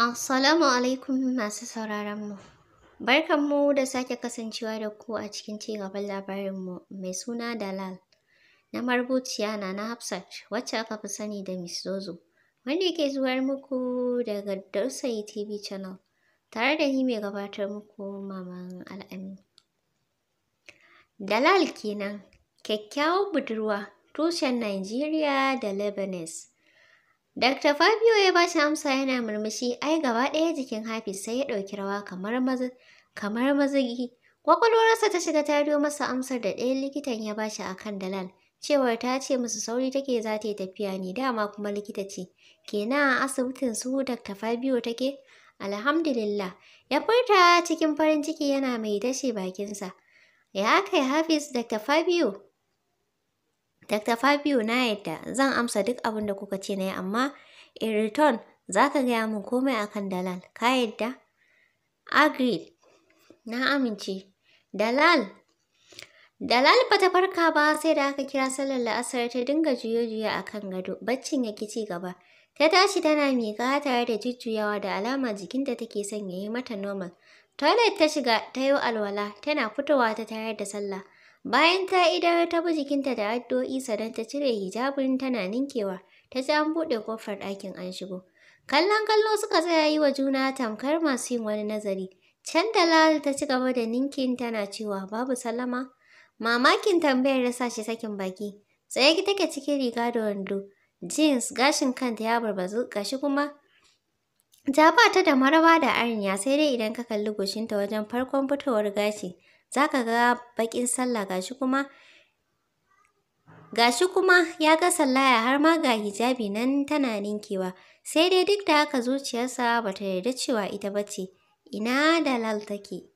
Assalamu alaikum masu sauraron mu. Barkanmu da sake kasancewa da ku a cikin cigaban labarinmu mai suna Dalal na marubuciya na Hafsat wacce aka fi sani da Miss Zozo wanda yake zuwar muku daga Dausayi TV channel tare da ni mai gabatar muku Maman Al'amin. Dalal kenan kyakkyawan budurwa tushen Najeriya da Lebanese. Dr. Fabio ya ba shi amsa yana murmushi ai gaba ɗaya jikin Hafiz sai ya ɗauki rawa kamar maza kamar mazigi. Kwakwalwarsa ta shiga ta biyo masa amsar da ɗayan likitan ya ba shi a kan Dalal. Cewar ta ce musu sauri take za ta yi tafiya ne dama kuma likita ce. ke a asibitin su Dr. Fabio take? Alhamdulillah. Ya furta cikin farin ciki yana mai dashe bakinsa. Ya kai Hafiz Dr. Fabio? Dr. Fabio na yadda zan amsa duk abin da kuka ce na yi amma in return za ka gaya min komai akan Dalal, ka yadda? Agreed, na amince. Dalal, Dalal ba ta farka ba sai da aka kira sallar la'asar ta dinga juye-juye a kan gado, baccin ya ci gaba. Ta tashi tana miƙa tare da jujjuyawa da alama jikinta take son ya yi mata normal. Toilet ta shiga ta yi alwala tana fitowa ta tayar da sallah. Bayan ta idar ta bi jikinta da addu'o'i sannan ta cire hijabin tana ninkewa, ta ji an buɗe kofar ɗakin an shigo. Kallon kallo suka tsaya yi wa juna tamkar masu yin wani nazari. Can Dalal ta ci gaba da ninkin tana cewa babu salama? Mamakin tambayar ya sa shi sakin baki. Tsaye take cikin riga da wando, jeans gashin kanta ya barbazu gashi kuma Ta ba ta da maraba da arniya sai dai idan ka kalli goshinta wajen farkon fitowar gashi za ka ga bakin sallah gashi kuma gashi kuma ya ga sallaya har ma ga hijabi nan tana ninkewa sai dai duk da haka zuciyarsa ba ta yarda cewa ita ba ce ina dalal take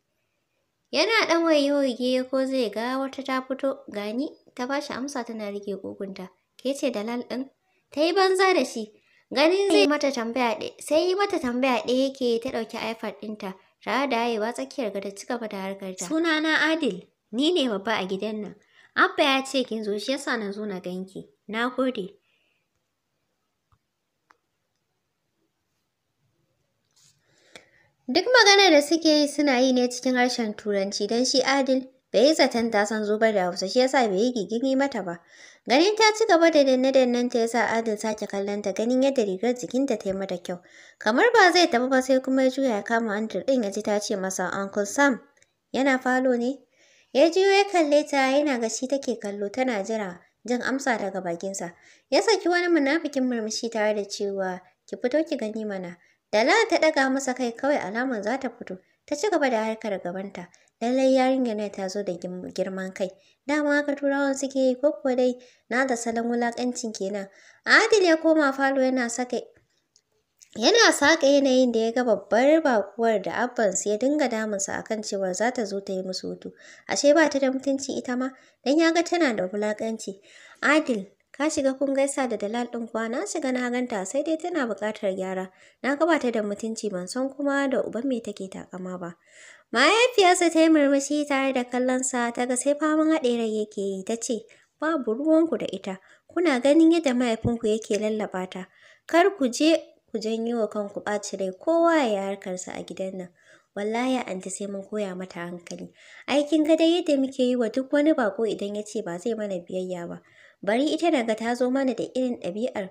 yana ɗan waye ko zai ga wata ta fito gani ta ba shi amsa tana rike kokunta ke ce dalal din? ta yi banza da shi ganin zai mata tambaya ɗaya sai yi mata tambaya ɗaya yake ta ɗauki ipad ɗinta Rawa da hayewa tsakiyar gada ci gaba da harkarta. na Adil, ni ne babba a gidan nan. Abba ya ce kin zo shi yasa na zo na ganki. Na gode. Duk magana da suke yi suna yi ne cikin harshen Turanci don shi Adil Bai yi zaton ta san zubar da Hausa shi ya sa bai yi gigini mata ba. Ganin ta ci gaba da danne-dannen ta yasa Adil sake kallon ta ganin yadda rigar jikin ta yi mata kyau. Kamar ba zai tafi ba sai kuma ya juya ya kama Andrew ɗin ya ji ta ce masa Uncle Sam yana falo ne? Ya jiyo ya kalle ta yana ga shi take kallo tana jira jin amsa daga bakinsa. Ya saki wani munafikin murmushi tare da cewa ki fito ki gani mana. Dala ta ɗaga masa kai kawai alamar za ta fito. Ta ci gaba da harkar gabanta. lallai yarinyar ne ta zo da girman kai dama haka turawan suke yi ko dai na da salon wulaƙancin kenan adil ya koma falo yana saka yana saka yanayin da ya ga babbar bakuwar da abbansu ya dinga damunsa akan cewar za ta zo ta yi musu hutu ashe ba ta da mutunci ita ma Dan ya ga tana da wulakanci adil Ka shiga kun gaisa da dalal ɗin kuwa na shiga na ganta sai dai tana buƙatar gyara. Na gabata da mutunci ban san kuma da uban me take takama ba. Mahaifiyarsa ta yi murmushi tare da kallonsa ta ga sai faman haɗe rai yake yi ta ce babu ruwanku da ita kuna ganin yadda mahaifinku yake lallaɓa ta kar ku je ku janyo wa kanku ɓaci rai kowa ya harkarsa a gidan nan. wallahi anti sai mun koya mata hankali Aikin ga dai yadda muke yi wa duk wani bako idan ya ce ba zai mana biyayya ba bari ita naga ta zo mana da irin ɗabi'ar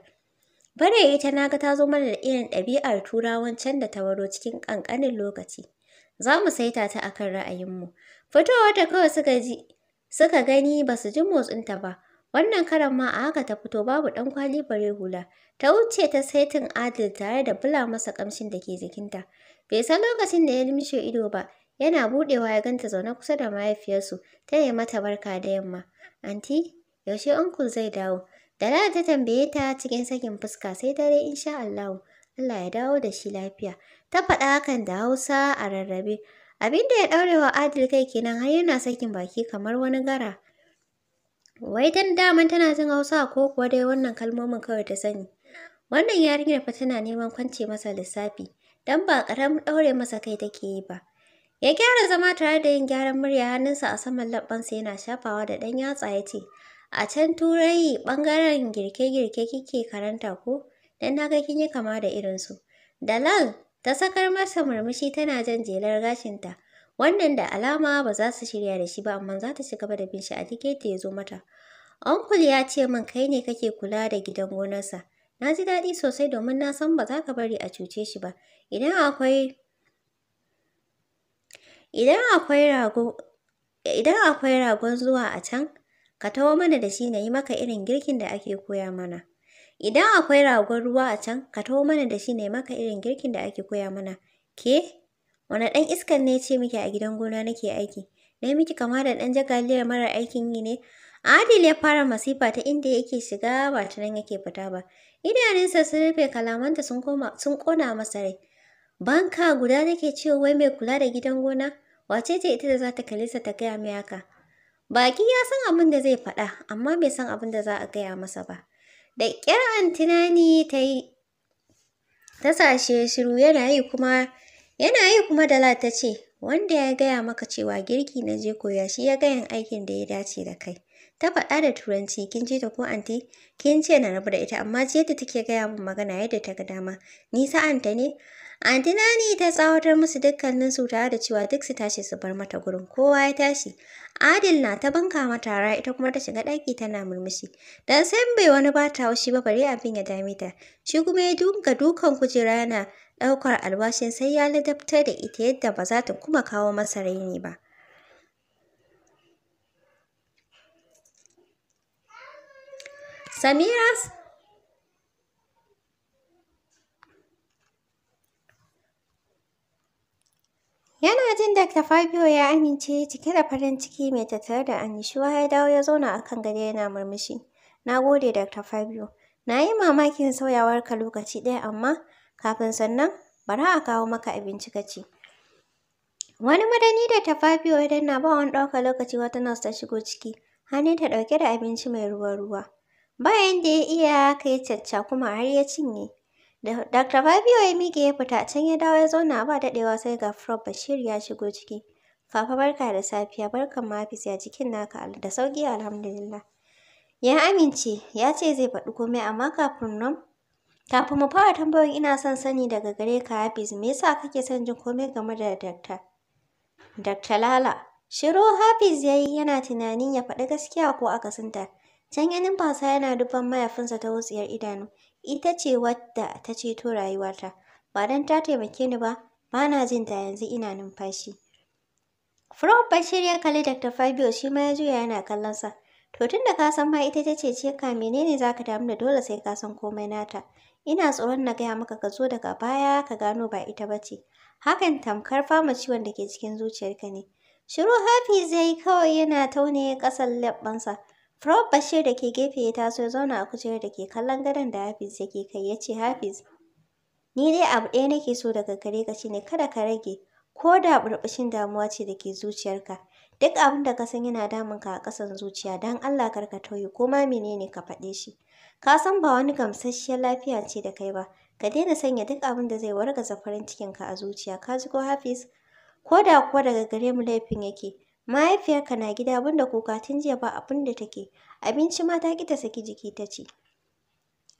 bare ita naga ta zo mana da irin ɗabi'ar turawan can da ta waro cikin ƙanƙanin lokaci za mu saita ta akan ra'ayinmu fitowar ta kawai suka ji suka gani ba su ji motsinta ba wannan karan ma a haka ta fito babu ɗan kwali bare hula ta wuce ta saitin adil tare da bula masa ƙamshin da ke jikinta bai san lokacin da ya limshe ido ba yana buɗewa ya ganta zaune kusa da mahaifiyarsu ta yi mata barka da yamma anti yaushe uncle zai dawo Dala ta tambaye ta cikin sakin fuska sai dare insha Allah Allah ya dawo da shi lafiya ta faɗa hakan da Hausa a rarrabe abin da ya ɗaurewa Adil kai kenan har yana sakin baki kamar wani gara wai dan daman tana jin Hausa ko kuwa dai wannan kalmomin kawai ta sani wannan yarinyar fa tana neman kwance masa lissafi dan ba ƙaramin daure masa kai take yi ba ya gyara zama tare da yin gyaran murya hannunsa a saman labbansa yana shafawa da ɗan yatsa ya ce A can Turai ɓangaren girke-girke kike karanta ko? Don na ga kin yi kama da irinsu. Dalal ta sakar masa murmushi tana jan jelar gashinta. Wannan da alama ba za su shirya da shi ba amma za ta ci da bin shi a tiketi ya zo mata. Onkul ya ce min kai ne kake kula da gidan gonarsa. Na ji daɗi sosai domin na san ba za ka bari a cuce shi ba. Idan akwai Idan akwai ragon zuwa a can, ka tawo mana da shi na yi maka irin girkin da ake koya mana. Idan akwai ragon ruwa a can, ka tawo mana da shi na yi maka irin girkin da ake koya mana. Ke? Wane ɗan iskan ne ce miki a gidan gona nake aiki? Na miki kama da ɗan jagaliyar mara aikin yi ne? Adil ya fara masifa ta inda yake shiga ba ta nan yake fita ba. Idanunsa sun rufe kalamanta sun koma kona masa rai. Banka guda nake cewa wai mai kula da gidan gona, wace ce ita da za ta kalli sa ta gaya mai haka? Baki ya san abin da zai faɗa, amma bai san abin da za a gaya masa ba. Da ƙyar antinani ta yi, ta sashe shiru yana yi kuma, yana yi kuma da ta ce, wanda ya gaya maka cewa girki na je koya shi ya gayan aikin da ya dace da kai. Ta faɗa da turanci, kin ji ta ko anti? Kin ce na rabu da ita, amma ce da take gaya min magana yadda ta ga dama. Ni sa'anta ne? Antina ne ta tsawatar musu dukkanin tare da cewa duk su tashi su bar mata gurin kowa ya tashi. Adil na ta banka mata rai, ita kuma ta shiga ɗaki tana murmushi. Dan san bai wani ta haushi ba bare abin ya dame ta. Shi kuma ya dunga dukan kujera yana ɗaukar albashin sai ya ladabtar da ita yadda ba za ta kuma kawo masa raini ba. Samira Yana jin Dr. Fabio ya amince cike da farin ciki mai tattare da annishuwa ya dawo ya zauna a kan gado yana murmushi. Na gode Dr. Fabio. Na yi mamakin sauyawarka lokaci ɗaya amma kafin sannan bari a kawo maka abinci ka ci. Wani madani da ta Fabio ya danna ba wani ɗaukar lokaci wata nas ta shigo ciki. hannu ta ɗauke da abinci mai ruwa-ruwa. Bayan da ya iya kai cacca kuma har ya cinye. Dr. Fabio ya miƙe ya fita can ya dawo ya zauna ba daɗewa sai ga Frog Bashir ya shigo ciki. Fafa barka da safiya barkan mafis ya jikin naka da sauƙi alhamdulillah. Ya amince ya ce zai faɗi komai amma kafin nan kafin mu fara tambayoyin ina son sani daga gare ka Hafiz me yasa kake son jin komai game da Dr. Dr. Lala. Shiro Hafiz yayi yana tunanin ya faɗi gaskiya ko akasinta. Can ganin numfasa yana dubban mayafinsa ta wutsiyar idanu. Ita ce wadda ta ceto rayuwata. Ba don ta taimake ni ba, ba na jin da yanzu ina numfashi. Furof Bashir ya kalli Dr. Fabio shi ma ya juya yana kallonsa. To tun da ka san ma ita ta ce ka menene za ka damu da dole sai ka san komai nata. Ina tsoron na gaya maka ka zo daga baya ka gano ba ita ba ce. Hakan tamkar fama ciwon da ke cikin zuciyarka ne. Shiru Hafiz zai kawai yana taune ƙasan leɓɓansa. Prof Bashir da ke gefe ya taso ya zauna a kujerar da ke kallon gadon da Hafiz yake kai ya ce Hafiz, ni dai abu ɗaya nake so daga gare ka ne, kada ka rage ko da burbushin damuwa ce da ke zuciyarka. Duk abin da ka san yana damun ka a ƙasan zuciya don Allah kar ka tauye ko ma menene ka faɗe shi. Ka san ba wani gamsasshiyar lafiya ce da kai ba, ka daina sanya duk abin da zai wargaza farin cikinka a zuciya ka ji ko Hafiz. Ko da kuwa daga gare mu laifin yake, Mahaifiyarka na gida banda kuka tun jiya ba abin da take, abinci mata ta ta saki jiki ta ci.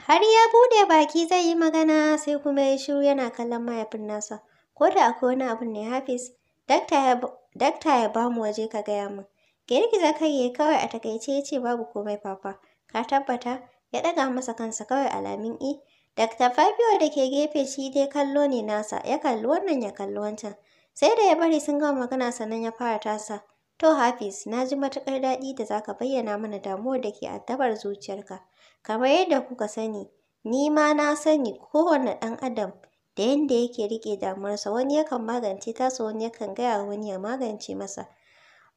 Har ya bude baki zai yi magana sai kuma ya shiru yana kallon mahaifin nasa. Ko da akwai wani abin ne Hafiz, dakta ya ba mu waje ka gaya min. Girgiza kai ya kawai a takaice ya ce babu komai papa, ka tabbata? Ya ɗaga masa kansa kawai alamin i. Dakta Fabio da ke gefe shi dai kallo ne nasa, ya kalli wannan ya kalli wancan. Sai da ya bari sun gama magana sannan ya fara tasa. To Hafiz, na ji matuƙar daɗi da za ka bayyana mana damuwar da ke addabar zuciyarka. Kamar yadda kuka sani, ni ma na sani kowane ɗan adam da yadda yake riƙe damuwarsa wani yakan magance tasa wani yakan gaya wa wani ya magance masa.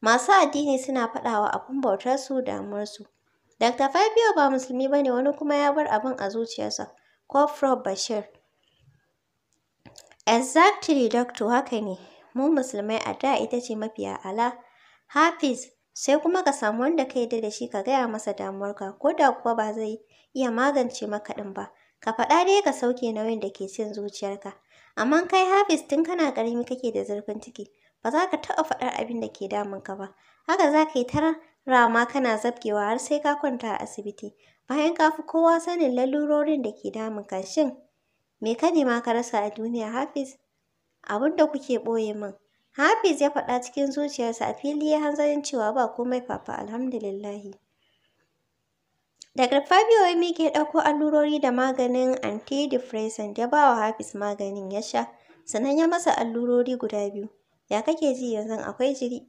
Masu addini suna faɗawa abin bautarsu damuwarsu. Dr. Fabio ba musulmi ba ne wani kuma ya bar abin a zuciyarsa. Kofro Bashir. Exactly, Doctor, haka ne. Mu musulmai a da ita ce mafi ala. Hafiz, sai kuma ka samu wanda ka yarda da shi ka gaya masa damuwarka ko da kuwa ba zai iya magance maka ɗin ba. Ka faɗa dai ka sauke nauyin da ke cin zuciyarka. Amma kai Hafiz tun kana ƙarami kake da zurfin ciki, ba za ka taɓa faɗar abin da ke ka ba. Haka za ka yi ta rama kana zabgewa har sai ka kwanta a asibiti. Bayan ka fi kowa sanin lalurorin da ke damunka shin me ka nema ka rasa a duniya Hafiz? Abin da kuke ɓoye min. Hafiz ya faɗa cikin zuciyarsa a fili ya hanzarin cewa ba komai fafa alhamdulillahi. daga Fabio ya miƙe ɗauko allurori da maganin antidepressant ya ba wa Hafiz maganin ya sha, sannan ya masa allurori guda biyu. Ya kake ji yanzu akwai jiri?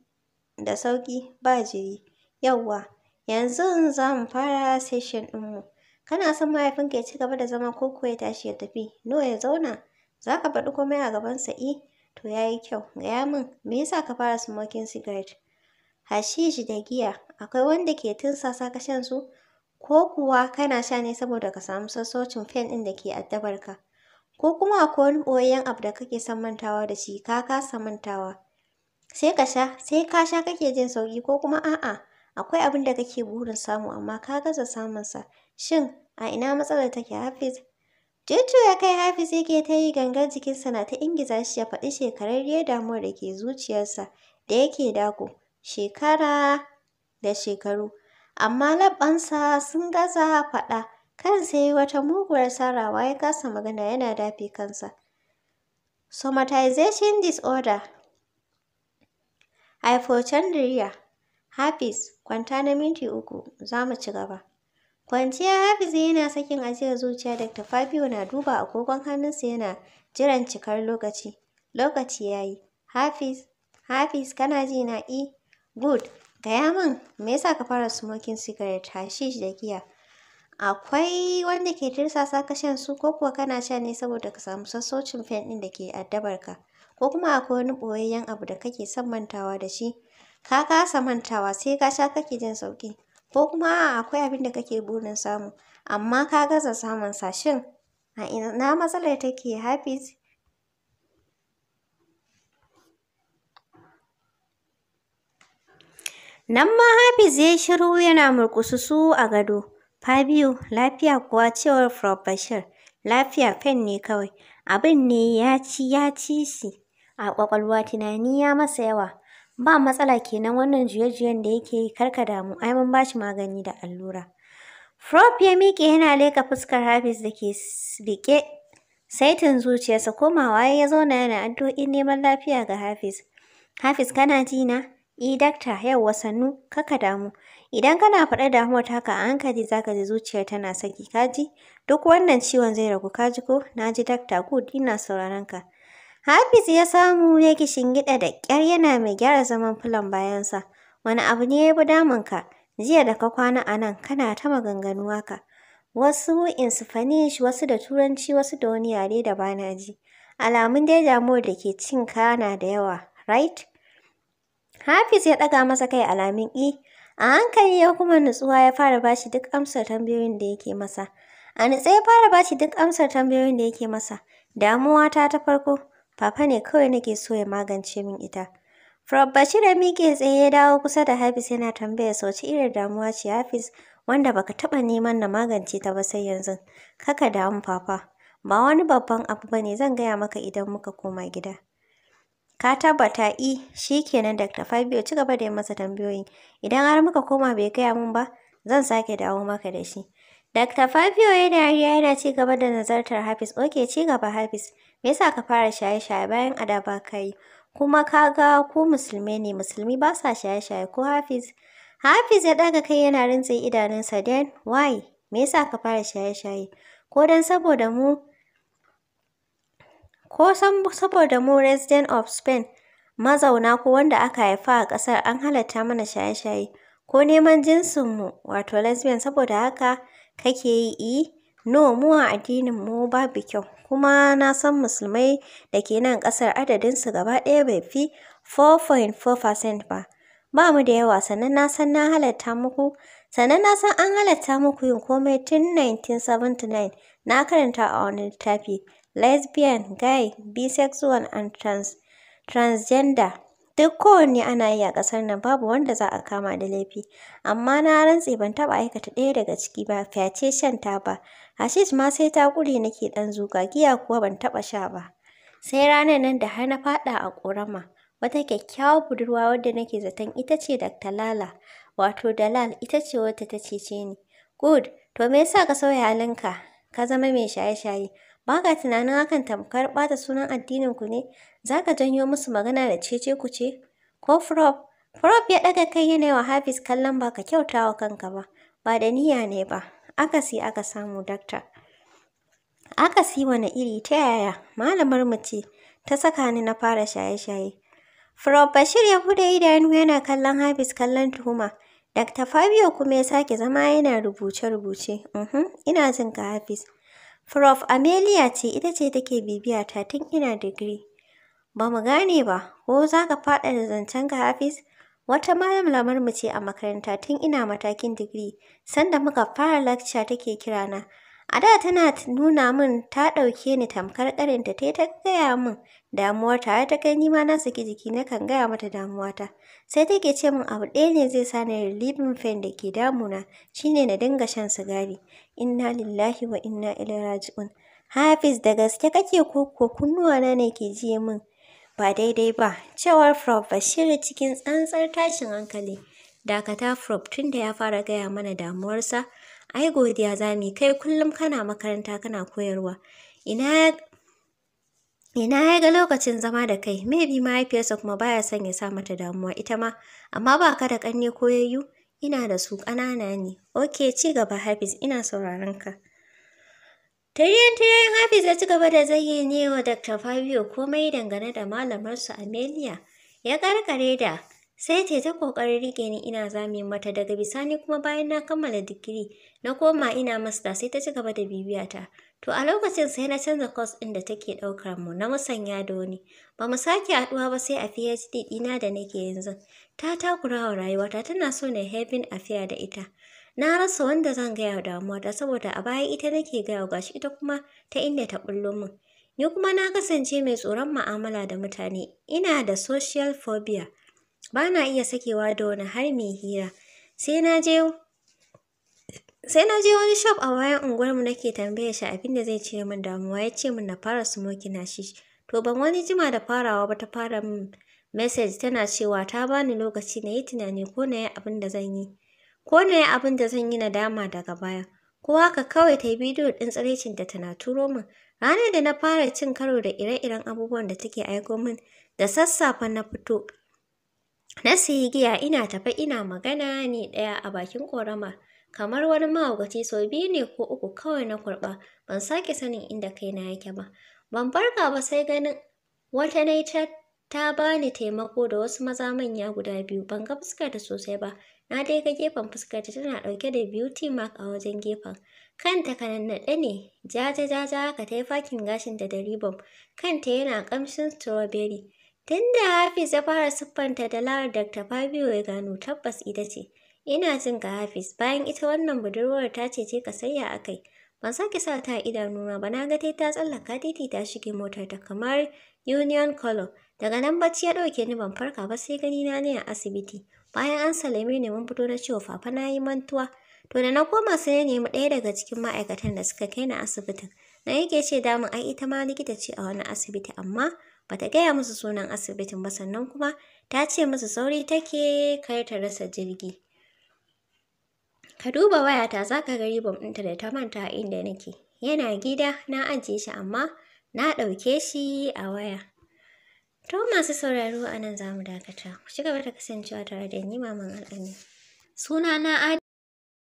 Da sauƙi ba jiri. Yawwa, yanzu za mu fara session ɗinmu. Kana son mahaifinka ya ci gaba da zama ko kuwa ya tashi ya tafi? No ya zauna. Za ka faɗi komai a gabansa? E. To ya yi kyau, gaya min, me yasa ka fara smoking cigarette? Hashishi da giya, akwai wanda ke sasa ka shan su? Ko kuwa kana sha ne saboda ka samu sassocin fen ɗin da ke addabar ka? Ko kuma akwai wani ɓoyayyen abu da kake son mantawa da shi, ka kasa mantawa? Sai ka sha, sai ka sha kake jin sauki ko kuma a'a, akwai abin da kake burin samu amma ka gaza sa? Shin a ina matsalar take Hafiz? Jejju ya kai Hafiz yake ta yi gangan jikinsa na ta ingiza shi ya faɗi shekararriyar damuwar da ke zuciyarsa da yake dako. Shekara da shekaru. Amma labbansa sun gaza faɗa. kan ya wata muguwar sarawa ya kasa magana yana dafe kansa. Somatization disorder. Hypochondria. Hafiz, kwanta na minti uku, za mu ci gaba. Kwanciya Hafizu yana sakin ajiyar zuciya Dr. Fabio na duba agogon hannunsa yana jiran cikar lokaci. Lokaci ya yi. Hafiz, Hafiz kana ji na i? E, good. Gaya min, me yasa ka fara smoking cigarette, hashish da giya? Akwai wanda ke tirsasa ka shan su ko kuwa kana sha ne saboda ka samu sassocin fen ɗin da ke addabar ka? Ko kuma akwai wani boyayyen abu da kake son mantawa da shi? Ka kasa mantawa sai ka sha kake jin sauki ko kuma a'a akwai abin da kake burin samu amma ka gaza samun sa shin a ina matsalar take Hafiz Nan ma Hafiz ya shiru yana murkususu a gado. Fabio, lafiya kuwa cewar Prof. Bashir, lafiya fen ne kawai. Abin ne ya ci ya ci shi. A ƙwaƙwalwa tunani ya masa yawa. ba matsala kenan wannan juye-juyen da yake yi kar ka damu ai mun ba shi magani da allura Prof ya miƙe yana leƙa fuskar Hafiz da ke riƙe saitin zuciyarsa komawa ya zauna yana addu'o'in neman lafiya ga Hafiz. Hafiz kana ji na? I eh, dakta yauwa sannu kaka damu. Idan kana faɗa damuwar haka a hankali za ka ji zuciyar tana saki ka Duk wannan ciwon zai ragu ka ko? Na ji dakta good ina sauraron ka. Hafiz ya samu ya shingiɗa da ƙyar yana mai gyara zaman filon bayansa. Wani abu ne ya bi damunka? Jiya da ka kwana a nan kana ta maganganu haka. Wasu in Spanish, wasu da Turanci, wasu da wani yare da bana ji. Alamun dai damuwar da ke cin kana da yawa, right? Hafiz ya ɗaga masa kai alamin i eh. A hankali ya kuma nutsuwa ya fara bashi duk amsar tambayoyin da yake masa. A nutse ya fara bashi duk amsar tambayoyin da yake masa. Damuwa ta ta farko. Papa ne kawai nake so ya magance min ita. Prof Bashir ya miƙe tsaye ya dawo kusa da Hafiz yana tambaya sau ci irin damuwa ce Hafiz wanda baka taba neman na magance ta ba sai yanzu. Kaka damu Papa. Ba wani babban abu bane zan gaya maka idan muka koma gida. Ka tabbata i shikenan Dr. Fabio ci gaba da masa tambayoyi. Idan har muka koma bai gaya mun ba zan sake dawo maka da shi. Dr. Fabio yana riya yana ci gaba da nazartar Hafiz. Oke ci gaba Hafiz. Me yasa ka fara shaye-shaye bayan adaba kai Kuma ka ga ku musulmi ne, musulmi ba sa shaye-shaye ko Hafiz. Hafiz ya ɗaga kai yana rintse idanunsa den why? Me yasa ka fara shaye-shaye? Ko dan saboda mu ko saboda mu resident of Spain mazauna ko wanda aka haifa a kasar an halatta mana shaye-shaye ko neman jinsin mu wato lesbian saboda haka kake yi i No, mu a mu babu kyau, kuma na san musulmai da ke nan ƙasar adadinsu gaba ɗaya bai fi 4.4% ba. Ba mu da yawa, sannan na san na halatta muku, sannan na san an halatta muku yin komai tun 1979, na karanta a wani littafi, lesbian, gay, bisexual and trans, transgender. Duk kowanne ana yi a ƙasar nan babu wanda za a kama da laifi. Amma na rantse ban taɓa aikata ɗaya daga ciki ba fyace shan taba. Hashish ma sai ta takuri nake ɗan zuga giya kuwa ban taɓa sha ba. Sai ranar nan da har na faɗa a ƙorama. Wata kyakkyawar budurwa wadda nake zaton ita ce Dr. Lala. Wato Dalal ita ce wadda ta cece ni. Good, to me yasa ka sauya halinka? Ka zama mai shaye-shaye. ba ka tunanin hakan tamkar ɓata sunan addinin ku ne, za ka janyo musu magana da cece ku ce? Ko Frob! Frob ya ɗaga kai yana wa Hafiz kallon ba ka kyauta wa kanka ba, ba da niyya ne ba, akasi aka samu dakta. Akasi wani iri ta yaya, malamar mu ce. ta saka ni na fara shaye-shaye. Frob! Bashir ya bude idanu yana kallon Hafiz kallon tuhuma. Dakta Fabio kuma ya sake zama yana rubuce-rubuce. Uhum, ina jin ka Hafiz. Prof. Amelia ce ita ce take bibiya ta tun ina digiri. Ba mu gane ba, ko za ka da zancen ga Hafiz? Wata mu ce a makaranta tun ina matakin digiri, sanda muka fara lacca take kirana. A da tana nuna min ta ɗauke ni tamkar karin ta ta gaya min damuwarta har ta kai ni ma na saki jiki na kan gaya mata damuwata. Sai take ce min abu ɗaya ne zai sa ni relieving pain da ke damuna shine na dinga shan sigari. Inna lillahi wa inna ilaihi raji'un. Hafiz da gaske kake ko kunnuwana ne ke ji min ba daidai ba cewar Prof Bashir cikin tsantsar tashin hankali. Dakata Prof tunda ya fara gaya mana damuwarsa ai godiya za mu kai kullum kana makaranta kana koyarwa ina ya ga lokacin zama da kai, maybe mahaifiyarsa kuma baya son ya sa mata damuwa ita ma, amma ba ka da ƙanne ko yayyu, ina da su ƙanana ne. Ok, ci gaba Hafiz, ina sauraron ka. Tariyan tariyan Hafiz ya ci gaba da zayyane wa Dr. Fabio komai dangane da malamarsu Amelia, ya gargare da Sai ce ta ƙoƙarin rike ni ina zame mata daga bisani kuma bayan na kammala digiri na koma ina masta sai ta ci gaba da bibiyata. To a lokacin sai na canza kwas ɗin da take ɗaukar mu na musanya da wani. Ba mu sake haɗuwa ba sai a PhD ɗina da nake yanzu. Ta takura wa rayuwata tana so na heaven affair da ita. Na rasa wanda zan gaya wa damuwata saboda a baya ita nake gaya wa gashi ita kuma ta inda ta ɓullo mun Ni kuma na kasance mai tsoron ma'amala da mutane, ina da social phobia, ba na iya sakewa da wani har mai hira sai na je wani shop a bayan unguwarmu nake tambaya shi abin da zai cire min damuwa ya ce min na fara smoking na shi to ban wani jima da farawa ba ta fara min message tana cewa ta bani lokaci na yi tunani ko na yi abin da zan yi ko na yi abin da zan yi nadama daga baya ko haka kawai ta yi bidiyo ɗin tsiraicin da tana turo min ranar da na fara cin karo da ire-iren abubuwan da take aiko min da sassafe na fito Na sayi giya ina tafe ina magana ne ɗaya a bakin ƙorama. Kamar wani mahaukaci sau biyu ne ko uku kawai na kurɓa, ban sake sanin inda kaina yake ba. Ban farka ba sai ganin wata na ta ta bani taimako da wasu maza manya guda biyu, ban ga fuskar fuskarta sosai ba. Na dai ga gefen fuskarta tana ɗauke da beauty mark a wajen gefen. Kanta ka nannaɗe ne, jaja-jaja haka ta yi fakin gashinta da ribon. Kanta yana ƙamshin strawberry. Tun da Hafiz ya fara siffanta da Lara Dr. Fabio ya gano tabbas ita ce. Ina jin ga Hafiz bayan ita wannan budurwar ta ce ce ka sayya a kai. Ban sake sa ta idanuna ba na ga tai ta tsallaka titi ta shige motar ta kamar Union Color. Daga nan bacci ya ɗauke ni ban farka ba sai gani na ne a asibiti. Bayan an salame ni mun fito na cewa fafa na yi mantuwa. To da na koma sai na nemi ɗaya daga cikin ma'aikatan da suka kai ni asibitin. Na yake ce damun ai ita ma likita ce a wani asibiti amma bata gaya musu sunan asibitin ba sannan kuma ta ce musu sauri take kar ta rasa jirgi. Ka duba wayata za ka ga ribom ɗinta da ta manta inda nake. Yana gida na ajiye shi amma na ɗauke shi a waya. To masu sauraro a nan za mu dakata. Ku ci gaba da kasancewa tare da ni Maman Al'amin. Sunana Adi.